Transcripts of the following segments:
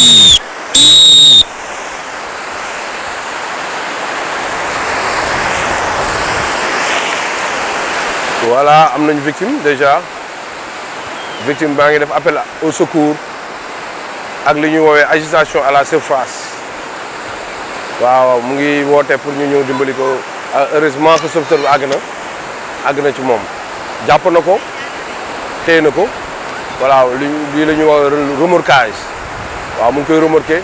voilà am nañu victime déjà victime baa ngi def appel au secours ak li ñuy woowee agitation à la surface waaw mu ngi woote pour ñu ñëw dimbali ko ah, heureusement que sauveteur bi àgg na àgg na ci moom jàpp na ko téye na ko voilà li lii la ñuy woowee remorquage on mu peut koy remorqué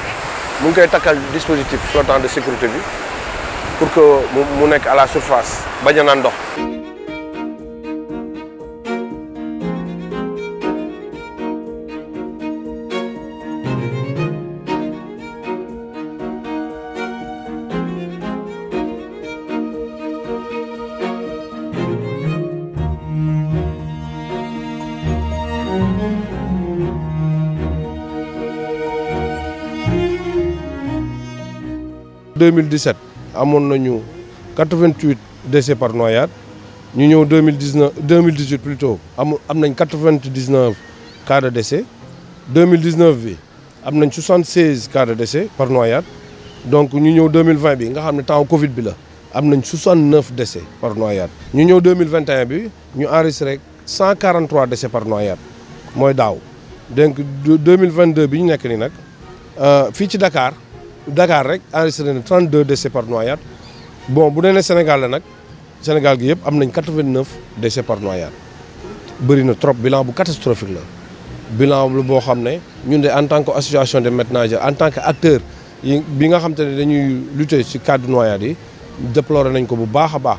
mu ngi koy dispositif flottant de sécurité pour que mu nekk à la surface bañ a 2017 nous avons 88 décès par noyade ñu 2018 plutôt am 99 cas de décès 2019 nous avons 76 cas de décès par noyade donc avons en 2020 nous avons en Covid bi 69 décès par noyade ñu 2021 nous avons enregistré 143 décès par noyade mooy donc 2022 nous avons nekk euh, Dakar. Dakar rek enregistré na 32 décès par noyade bon bu dee ne Sénégal la nag Sénégal gi yëpp am nañ 89 décès par noyade bëri na trop bilan bu catastrophique la bilan lu boo xam ne ñun de en tant que association des maîtres en tant que acteur yi bi nga xam te ne dañuy lutter ci cadre noyade yi déploré nañ ko bu baax a baax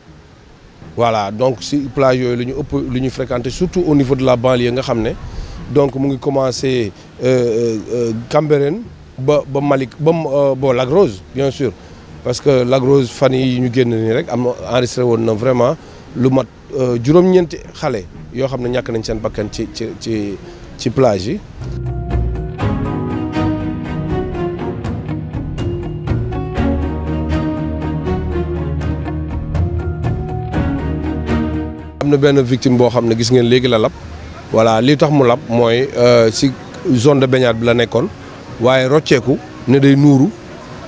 voilà donc ces plages-là, la surtout au niveau de la banlieue donc nous commençons commencé euh, euh, euh, Cambérène ba ba bon bien sûr parce que la grosse nous nous ñu enregistré vraiment le mat Nous nous plage na benn victime boo xam ne gis ngeen léegi la lab voilà li tax mu lab mooy euh, si zone de baignade bi la nekkoon waaye rocceeku ne day nuuru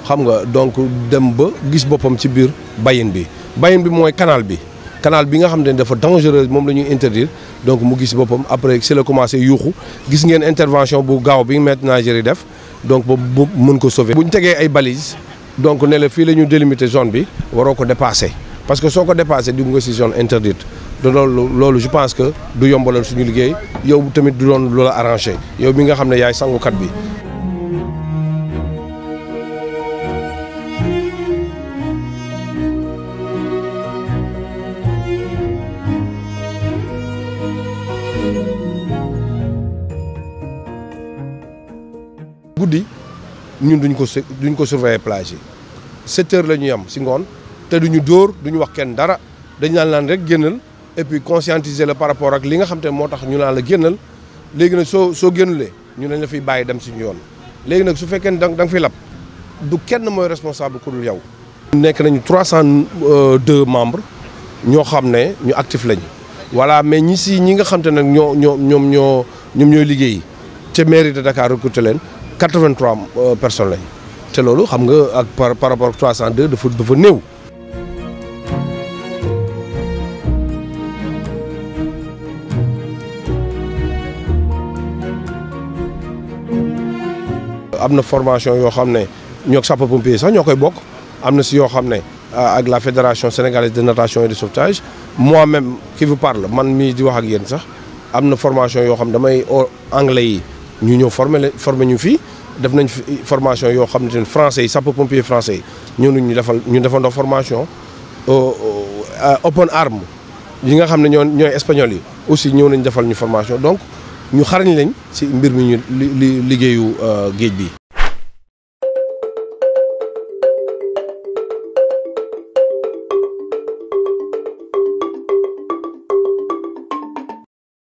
xam nga donc dem ba gis boppam ci biir bayin bi bayin bi mooy canal bi canal bi nga xam ne dafa dangereux moom la ñuy interdire donc mu gis boppam après si la commencé yuuxu gis ngeen intervention bu gaaw bi maître nageur def donc ba mën ko sauver. bu ñu tegee ay balises donc ne la fii la ñu délimité zone bi waroo ko dépassé. parce que soo ko dépassé dugg nga si zone interdite de loolu loolu je pense que du yombalal suñu liggéey yow tamit du doon lola arrangé yow mi nga xamné ne yaay kat bi. goudi ñun duñ ko duñ ko surveiller plage 7 sept heures la ñuy am si ngone te du duñu dóor ñu wax kenn dara dañ naan laan rek génnal et puis conscientiser la par rapport ak li nga xam te moo tax ñu naan la génnal léegi nag soo soo génnulee ñu ne la fiy bàyyi dem suñu yoon léegi nag su fekkee ne da nga fiy lab du kenn mooy responsable ku dul yow. nekk nañu trois cent deux membre ñoo xam ne ñu actif lañu voilà mais ñi si ñi nga xam te nag ñoo ñoo ñoom ñoo ñoom ñooy liggéey ca mairie de Dakar recruté leen quatre vingt trois euh, personnes lañu te loolu xam nga ak par par rapport ak trois cent deux dafa dafa néew. am formation yo xamné ne ñoo pompier sax ñokay bok amna am yo si ne euh, ak la fédération sénégalaise de natation et de sauvetage moi-même qui vous parle man mi di wax ak yeen sax am formation yo xamné damay anglais yi ñu ñëw former former ñu fi def nañ formation yo xamné ne français sapo pompier français yi ñu defal ñu defandoo formation open arm yi nga xamné ne espagnol yi aussi ñëw nañ defal ñu formation donc ñu xarañ lañ ci mbir mi ñu liggéeyu euh, géej bi.